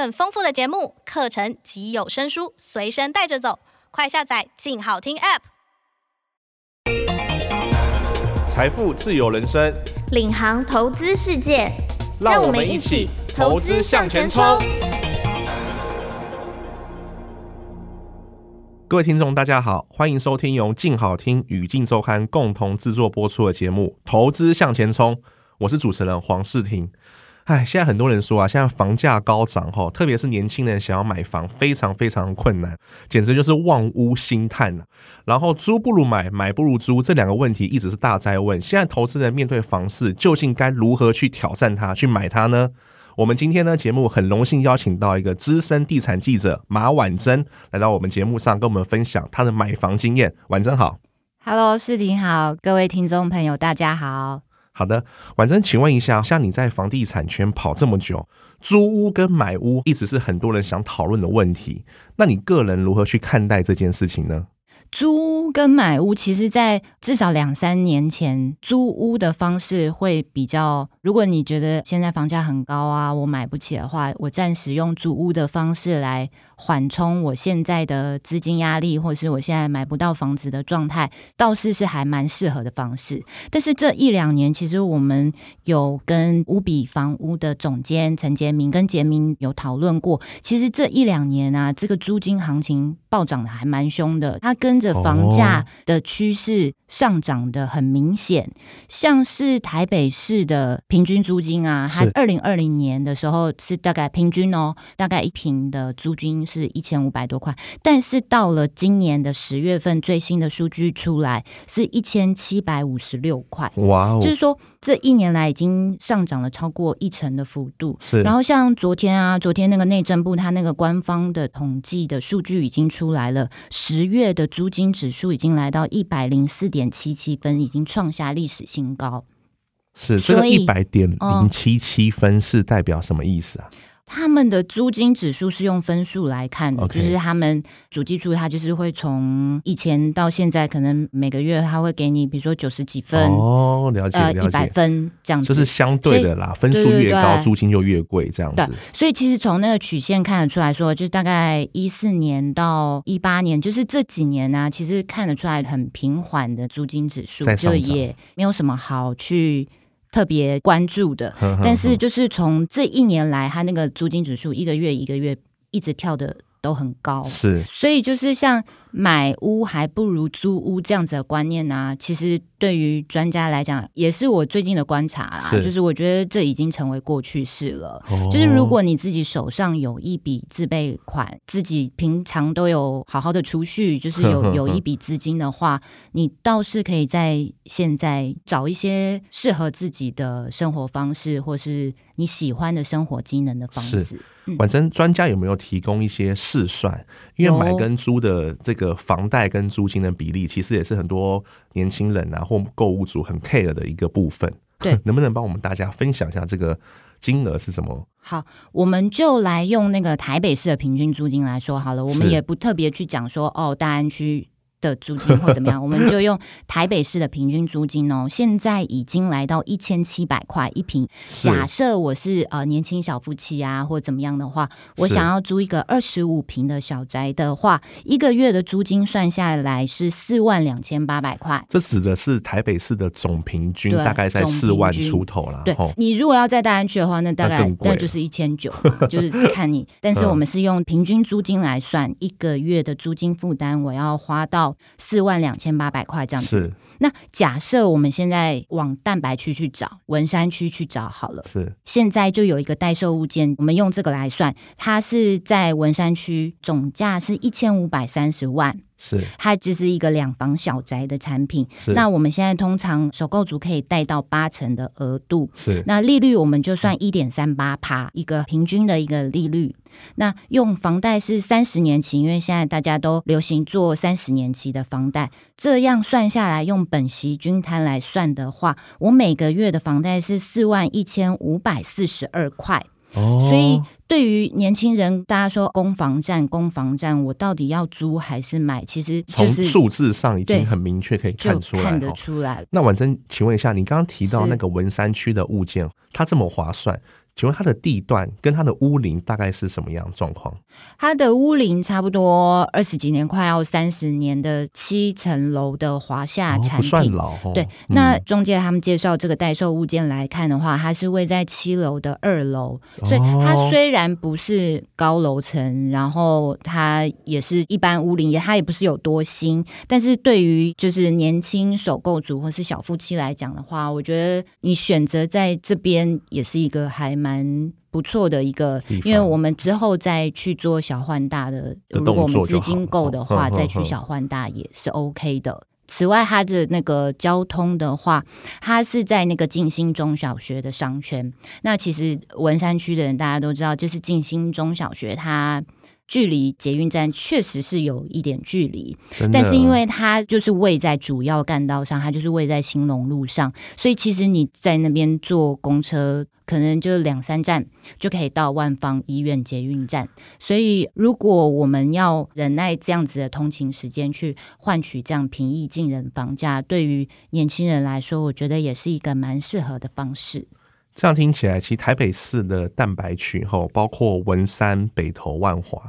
更豐富的節目、課程及有聲書隨身帶着走，快下載“靜好聽 ”App。財富自由人生，領航投資世界，讓我們一起投資向錢衝！錢衝各位聽眾，大家好，歡迎收聽由“靜好聽”與《靜周刊》共同制作播出的節目《投資向錢衝》，我是主持人黃世婷。哎，現在很多人說啊，現在房價高漲哈，特別是年輕人想要買房非常非常困難，簡直就是望屋興嘆、啊、然後租不如買，買不如租，這兩個問題一直是大哉問。現在投資人面對房市，究竟該如何去挑戰它，去買它呢？我們今天呢節目很榮幸邀請到一個資深地產記者馬婉珍，來到我們節目上，跟我們分享他的買房經驗。婉貞好，Hello，視聽好，各位聽眾朋友大家好。好的，婉珍，請問一下，像你在房地產圈跑這麼久，租屋跟買屋一直是很多人想討論的問題，那你個人如何去看待這件事情呢？租屋跟買屋其實在至少兩三年前，租屋的方式會比較。如果你覺得現在房價很高啊，我買不起的話，我暫時用租屋的方式來緩衝我現在的資金壓力，或是我現在買不到房子的狀態，倒是是還蠻適合的方式。但是這一兩年，其實我們有跟屋比房屋的總監陳傑鳴跟傑鳴有討論過，其實這一兩年啊，這個租金行情暴漲的還蠻兇的，它跟着房價的趨勢上漲的很明顯，像是台北市的。平均租金啊，它二零二零年的時候是大概平均哦，大概一平的租金是一千五百多塊，但是到了今年的十月份，最新的數據出來是一千七百五十六塊，哇哦！就是說這一年來已經上漲了超過一成的幅度。是，然後像昨天啊，昨天那個內政部它那個官方的統計的數據已經出來了，十月的租金指數已經來到一百零四點七七分，已經創下歷史新高。是，所以一百點零七七分是代表什麼意思啊？他們的租金指數是用分數來看的，Okay. 就是他們主計處，它就是會從以前到現在，可能每個月他會給你，比如說九十幾分哦，了解，呃，一百分這樣子。就是相對的啦，所以，分數越高，對對對對租金就越貴這樣子對。所以其實從那個曲線看得出來說，就大概一四年到一八年，就是這幾年呢，啊，其實看得出來很平緩的租金指數，在就也沒有什麼好去。特別關注的，呵呵呵。但是就是從這一年來，它那個租金指數一個月一個月一直跳的都很高，是，所以就是像。買屋還不如租屋這樣子的觀念呢、啊？其實對於專家來講，也是我最近的觀察啦、啊。是就是我覺得這已經成為過去式了。哦、就是如果你自己手上有一筆自備款，自己平常都有好好的儲蓄，就是有有一筆資金的話，呵呵呵，你倒是可以在現在找一些適合自己的生活方式，或是你喜歡的生活機能的房子。反正專家有沒有提供一些試算？嗯、因為買跟租的這個。個房貸跟租金的比例，其實也是很多年輕人啊或購屋族很 care 的一個部分。對，能不能幫我們大家分享一下這個金額是什麼？好，我們就來用那個台北市的平均租金來說好了。我們也不特別去講說是哦，大安區的租金或怎麼樣，我們就用台北市的平均租金哦、喔，現在已經來到一千七百塊一坪。假設我是呃年輕小夫妻啊，或怎麼樣的話，我想要租一個二十五坪的小宅的話，一個月的租金算下來是四萬兩千八百塊。這指的是台北市的總平均，大概在四萬出頭啦。對，你如果要在大安區的話，那大概那就是一千九，就是看你。但是我們是用平均租金來算，一個月的租金負擔，我要花到。四萬兩千八百塊這樣子。是，那假設我們現在往蛋白區去找，文山區去找好了。是，現在就有一個代售物件，我們用這個來算，它是在文山區，總價是一千五百三十萬。是，它就是一個兩房小宅的產品。是，那我們現在通常首購族可以貸到八成的額度。是，那利率我們就算一點三八趴，一個平均的一個利率。嗯，那用房貸是三十年期，因為現在大家都流行做三十年期的房貸。這樣算下來，用本息均攤來算的話，我每個月的房貸是四萬一千五百四十二塊。哦，所以。對於年輕人，大家說攻防戰、攻防戰，我到底要租還是買？其實、就是、從數字上已經很明確可以看出來。看得出來、哦。那婉珍，請問一下，你剛剛提到那個文山區的物件，是它這麼划算？請問它的地段跟它的屋齡大概是什麼樣狀況？它的屋齡差不多二十幾年，快要三十年的七層樓的華廈產品，哦，不算老，哦。嗯，對，那中介他們介紹這個代售物件來看的話，它是位在七樓的二樓，所以它雖然不是高樓層，然後它也是一般屋齡，也它也不是有多新，但是對於就是年輕首購族或是小夫妻來講的話，我覺得你選擇在這邊也是一個還。蠻不錯的一個，因為我們之後再去做小換大的，的作如果我們資金夠的話，呵呵呵再去小換大也是 OK 的。此外，它的那個交通的話，它是在那個靜心中小學的商圈。那其實文山區的人大家都知道，就是靜心中小學，它，距離捷運站確實是有一點距離，真的？但是因為它就是位在主要幹道上，它就是位在興隆路上，所以其實你在那邊坐公車，可能就兩三站就可以到萬芳醫院捷運站。所以如果我們要忍耐這樣子的通勤時間，去換取這樣平易近人房價，對於年輕人來說，我覺得也是一個蠻適合的方式。這樣聽起來，其實台北市的蛋白區吼，包括文山、北投、萬華。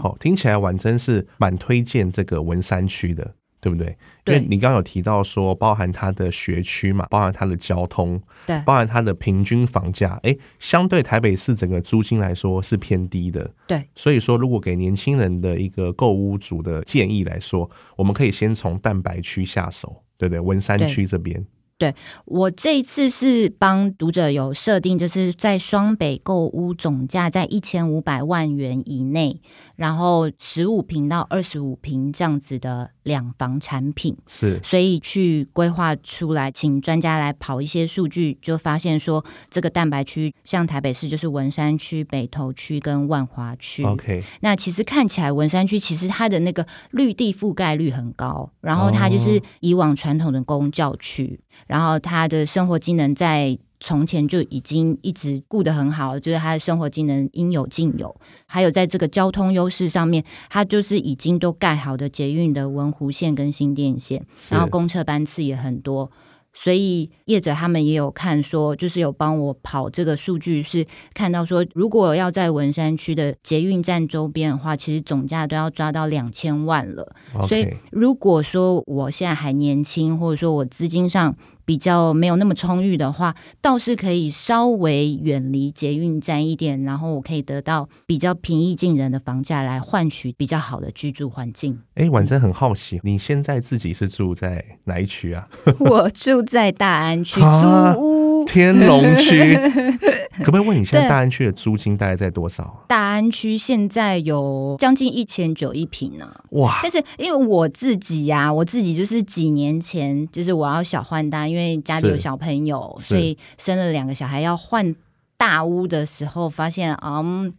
好、哦，聽起來婉貞是蠻推薦這個文山區的，對不對？對，因為你剛剛有提到說，包含它的學區嘛，包含它的交通，對，包含它的平均房價，誒、欸，相對台北市整個租金來說是偏低的，對。所以說，如果給年輕人的一個購屋族的建議來說，我們可以先從蛋白區下手，對不對？文山區這邊。對，我這一次是幫讀者有設定，就是在雙北購屋總價在一千五百萬元以內，然後十五平到二十五平這樣子的。兩房產品是，所以去規劃出來，請專家來跑一些數據，就發現說這個蛋白區，像台北市就是文山區、北投區跟萬華區。OK，那其實看起來文山區其實它的那個綠地覆蓋率很高，然後它就是以往傳統的公教區，然後它的生活機能在。從前就已經一直顧得很好，就是他的生活機能應有盡有，還有在這個交通優勢上面，他就是已經都蓋好的捷運的文湖線跟新店線，然後公車班次也很多，是所以業者他們也有看說，就是有幫我跑這個數據，是看到說，如果要在文山區的捷運站周邊的話，其實總價都要抓到兩千萬了，Okay 所以如果說我現在還年輕，或者說我資金上。比較沒有那麼充裕的話，倒是可以稍微遠離捷運站一點，然後我可以得到比較平易近人的房價，來換取比較好的居住環境。哎、欸，婉珍很好奇，你現在自己是住在哪一區啊？ 我住在大安區租屋。天龍區， 可不可以問你現在大安區的租金大概在多少？大安區現在有將近一千九一坪呢。哇！但是因為我自己呀、啊，我自己就是幾年前，就是我要小換大，因為家裡有小朋友，所以生了兩個小孩要換大屋的時候，發現嗯，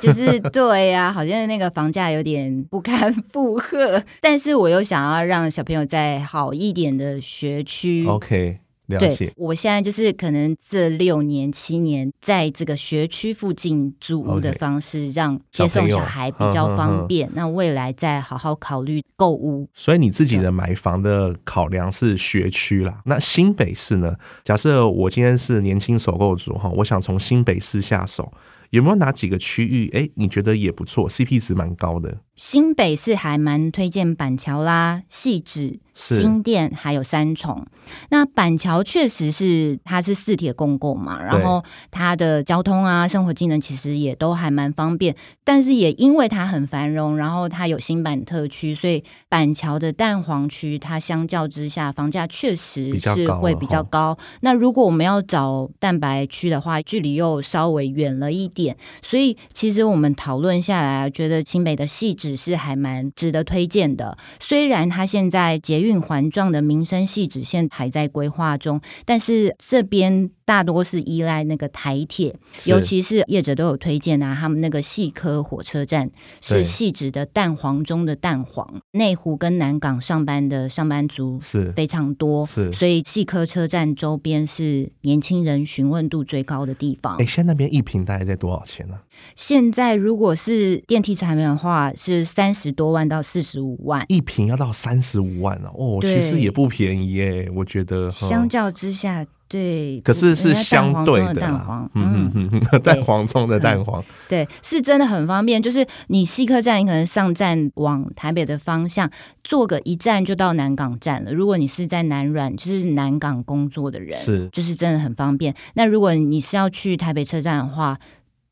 就是對呀、啊， 好像那個房價有點不堪負荷。但是我又想要讓小朋友在好一點的學區。OK。對，我現在就是可能這六年七年，在這個學區附近租屋的方式，讓接送小孩比較方便。Okay, 嗯嗯嗯、那未來再好好考慮購屋。所以你自己的買房的考量是學區啦。對那新北市呢？假設我今天是年輕首購族哈，我想從新北市下手，有沒有哪幾個區域？哎，你覺得也不錯，CP 值蠻高的。新北市還蠻推薦板橋啦、汐止。新店還有三重，那板橋確實是它是四鐵共構嘛，對然後它的交通啊、生活機能其實也都還蠻方便，但是也因為它很繁榮，然後它有新板特區，所以板橋的蛋黃區它相較之下房價確實是會比較高，較高。那如果我們要找蛋白區的話，距離又稍微遠了一點，所以其實我們討論下來覺得新北的細緻是還蠻值得推薦的，雖然它現在結。運環狀的民生汐止線還在規劃中，但是這邊大多是依賴那個台鐵，是尤其是業者都有推薦啊。他們那個汐科火車站是汐止的蛋黃中的蛋黃，內對湖跟南港上班的上班族是非常多，是所以汐科車站周邊是年輕人詢問度最高的地方。哎、欸，現在那邊一平大概在多少錢呢、啊？現在如果是電梯產品的話，是三十多萬到四十五萬一平要到三十五萬、啊、哦，對其實也不便宜哎、欸，我覺得相較之下。對，可是是相對的，蛋嗯嗯，蛋黃中的蛋黃，對，是真的很方便。就是你西客站，你可能上站往台北的方向，坐個一站就到南港站了。如果你是在南軟，就是南港工作的人，是，就是真的很方便。那如果你是要去台北車站的話，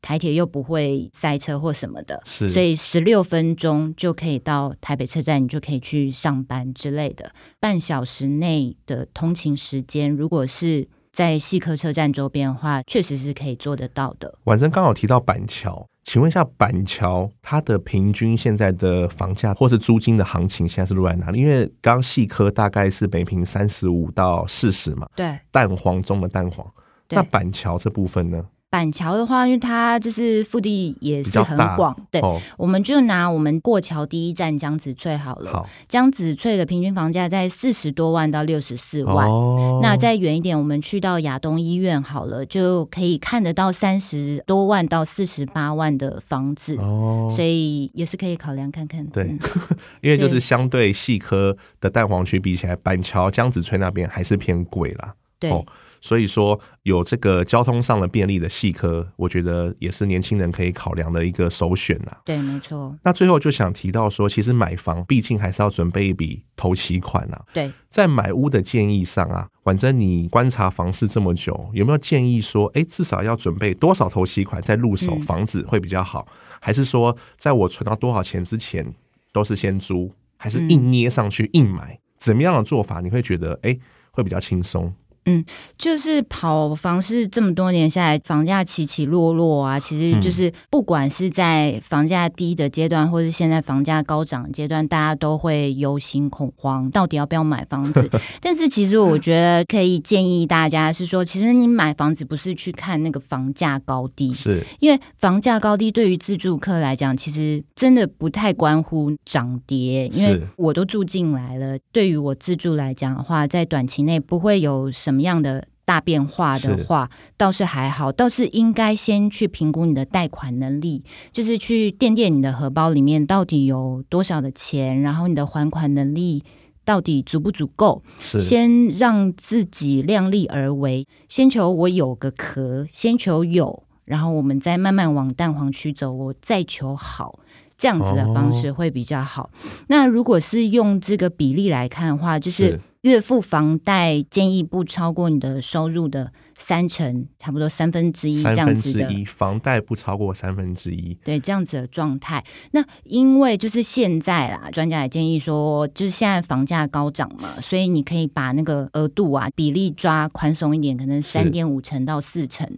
台鐵又不會塞車或什麼的。是所以十六分鐘就可以到台北車站，你就可以去上班之類的。半小時內的通勤時間，如果是在細科車站周邊的話，確實是可以做得到的。婉貞剛好提到板橋，請問一下板橋它的平均現在的房價或是租金的行情現在是落在哪裡？因為剛細科大概是每坪三十五到四十嘛，對，蛋黃中的蛋黃。對那板橋這部分呢？板橋的話，因為它就是腹地也是很廣，對，哦、我們就拿我們過橋第一站江子翠好了。江子翠的平均房價在四十多萬到六十四萬。哦、那再遠一點，我們去到亞東醫院好了，就可以看得到三十多萬到四十八萬的房子。哦、所以也是可以考量看看。對，嗯、 因為就是相對細科的蛋黃區比起來，板橋江子翠那邊還是偏貴啦。對哦，所以說有這個交通上的便利的細科，我覺得也是年輕人可以考量的一個首選吶、啊。對，沒錯。那最後就想提到說，其實買房畢竟還是要準備一筆頭期款啊。對，在買屋的建議上啊，反正你觀察房市這麼久，有沒有建議說，誒至少要準備多少頭期款再入手、嗯、房子會比較好？還是說，在我存到多少錢之前都是先租，還是硬捏上去硬買？嗯、怎麼樣的做法你會覺得哎會比較輕鬆？嗯，就是跑房市這麼多年下來，房價起起落落啊，其實就是不管是在房價低的階段，或是現在房價高漲的階段，大家都會憂心恐慌，到底要不要買房子？ 但是其實我覺得可以建議大家是說，其實你買房子不是去看那個房價高低，是因為房價高低對於自住客來講，其實真的不太關乎漲跌，因為我都住進來了，對於我自住來講的話，在短期內不會有什什麼樣的大變化的話，是倒是還好，倒是應該先去評估你的貸款能力，就是去墊墊你的荷包裡面到底有多少的錢，然後你的還款能力到底足不足夠，是先讓自己量力而為，先求我有個殼，先求有，然後我們再慢慢往蛋黃區走，我再求好。這樣子的方式會比較好。哦、那如果是用這個比例來看的話，就是月付房貸建議不超過你的收入的三成，差不多三分之一這樣子的。房貸不超過三分之一，對這樣子的狀態。那因為就是現在啦，專家也建議說，就是現在房價高漲嘛，所以你可以把那個額度啊比例抓寬鬆一點，可能三點是五成到四成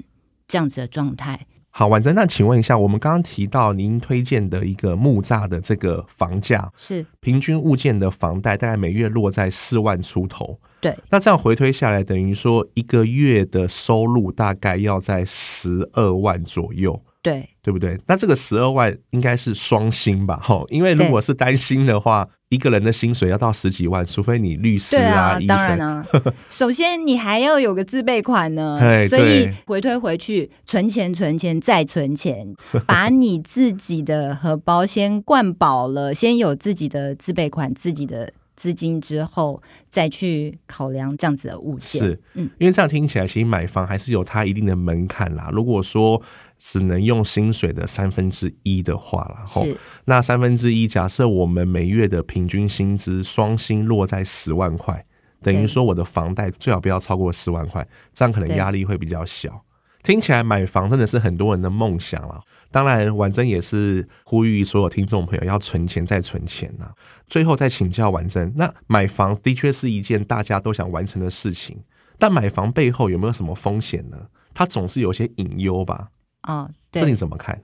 這樣子的狀態。好，婉珍，那請問一下，我們剛剛提到您推薦的一個木柵的這個房價，是平均物件的房貸大概每月落在四萬出頭。對，那這樣回推下來，等於說一個月的收入大概要在十二萬左右。對，對不對？那這個十二萬應該是雙薪吧？吼，因為如果是單薪的話。一個人的薪水要到十幾萬，除非你律師啊、對啊。醫生。當然啊， 首先你還要有個自備款呢， 所以回推回去存錢、存錢再存錢，把你自己的荷包先灌飽了， 先有自己的自備款、自己的資金之後，再去考量這樣子的物件。是，嗯，因為這樣聽起來，其實買房還是有它一定的門檻啦。如果說只能用薪水的三分之一的話，然後是 那三分之一，3, 假設我們每月的平均薪資雙薪落在十萬塊，對等於說我的房貸最好不要超過十萬塊，這樣可能壓力會比較小。對聽起來買房真的是很多人的夢想啊。當然，婉珍也是呼籲所有聽眾朋友要存錢再存錢吶。最後再請教婉珍，那買房的確是一件大家都想完成的事情，但買房背後有沒有什麼風險呢？它總是有些隱憂吧。哦，對，這你怎麼看？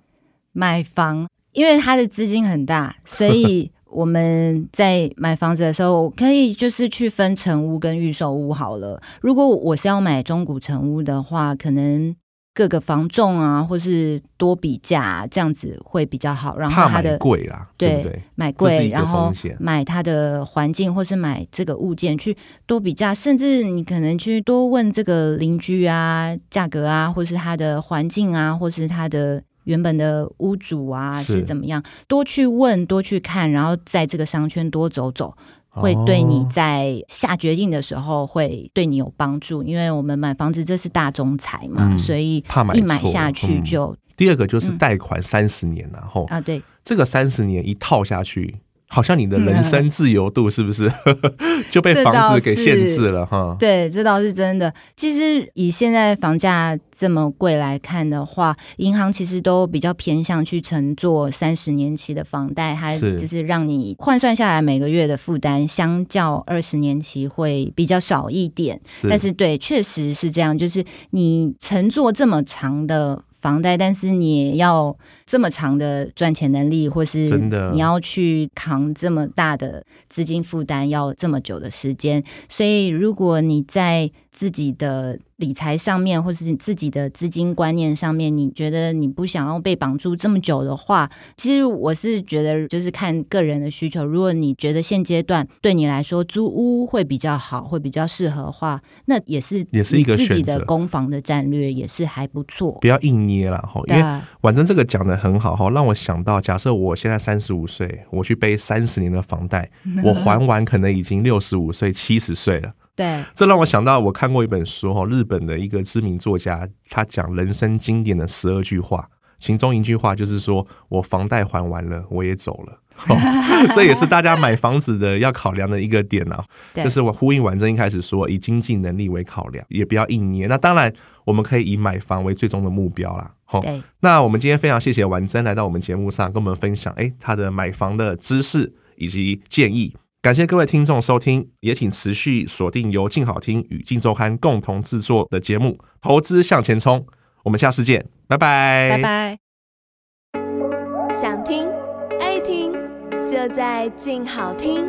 買房，因為它的資金很大，所以我們在買房子的時候，可以就是去分成屋跟預售屋好了。如果我是要買中古成屋的話，可能。各個房仲啊，或是多比價啊，這樣子會比較好。然後它的貴啊對不對？買貴，然後買它的環境，或是買這個物件去多比價，甚至你可能去多問這個鄰居啊，價格啊，或是它的環境啊，或是它的原本的屋主啊是，是怎麼樣，多去問，多去看，然後在這個商圈多走走。會對你在下決定的時候，會對你有幫助，因為我們買房子這是大宗財嘛，嗯、所以一買下去就，嗯，第二個就是貸款三十年，嗯，然後啊對，這個三十年一套下去。啊對嗯好像你的人生自由度是不是 就被房子給限制了哈？對，這倒是真的。其實以現在房價這麼貴來看的話，銀行其實都比較偏向去承做三十年期的房貸，還就是讓你換算下來每個月的負擔相較二十年期會比較少一點。是但是對，確實是這樣，就是你承做這麼長的房貸，但是你也要。這麼長的賺錢能力，或是你要去扛這麼大的資金負擔，要這麼久的時間。所以，如果你在自己的理財上面，或是你自己的資金觀念上面，你覺得你不想要被綁住這麼久的話，其實我是覺得，就是看個人的需求。如果你覺得現階段對你來說租屋會比較好，會比較適合的話，那也是，你也，是也是一個自己的攻防的戰略，也是還不錯。不要硬捏了哈，因為反正這個講的。很好哈，讓我想到，假設我現在三十五歲，我去背三十年的房貸，我還完可能已經六十五歲、七十歲了。 對，這讓我想到，我看過一本書哈，日本的一個知名作家，他講人生經典的十二句話，其中一句話就是說，我房貸還完了，我也走了。 這也是大家買房子的要考量的一個點啊， 就是我呼應完正一開始說以經濟能力為考量，也不要硬捏。那當然，我們可以以買房為最終的目標啦。好，哦、對那我們今天非常謝謝婉真來到我們節目上，跟我們分享誒他的買房的知識以及建議。感謝各位聽眾收聽，也請持續鎖定由靜好聽與靜周刊共同制作的節目《投資向錢衝》。我們下次見，拜拜，拜拜。想聽愛聽，就在靜好聽。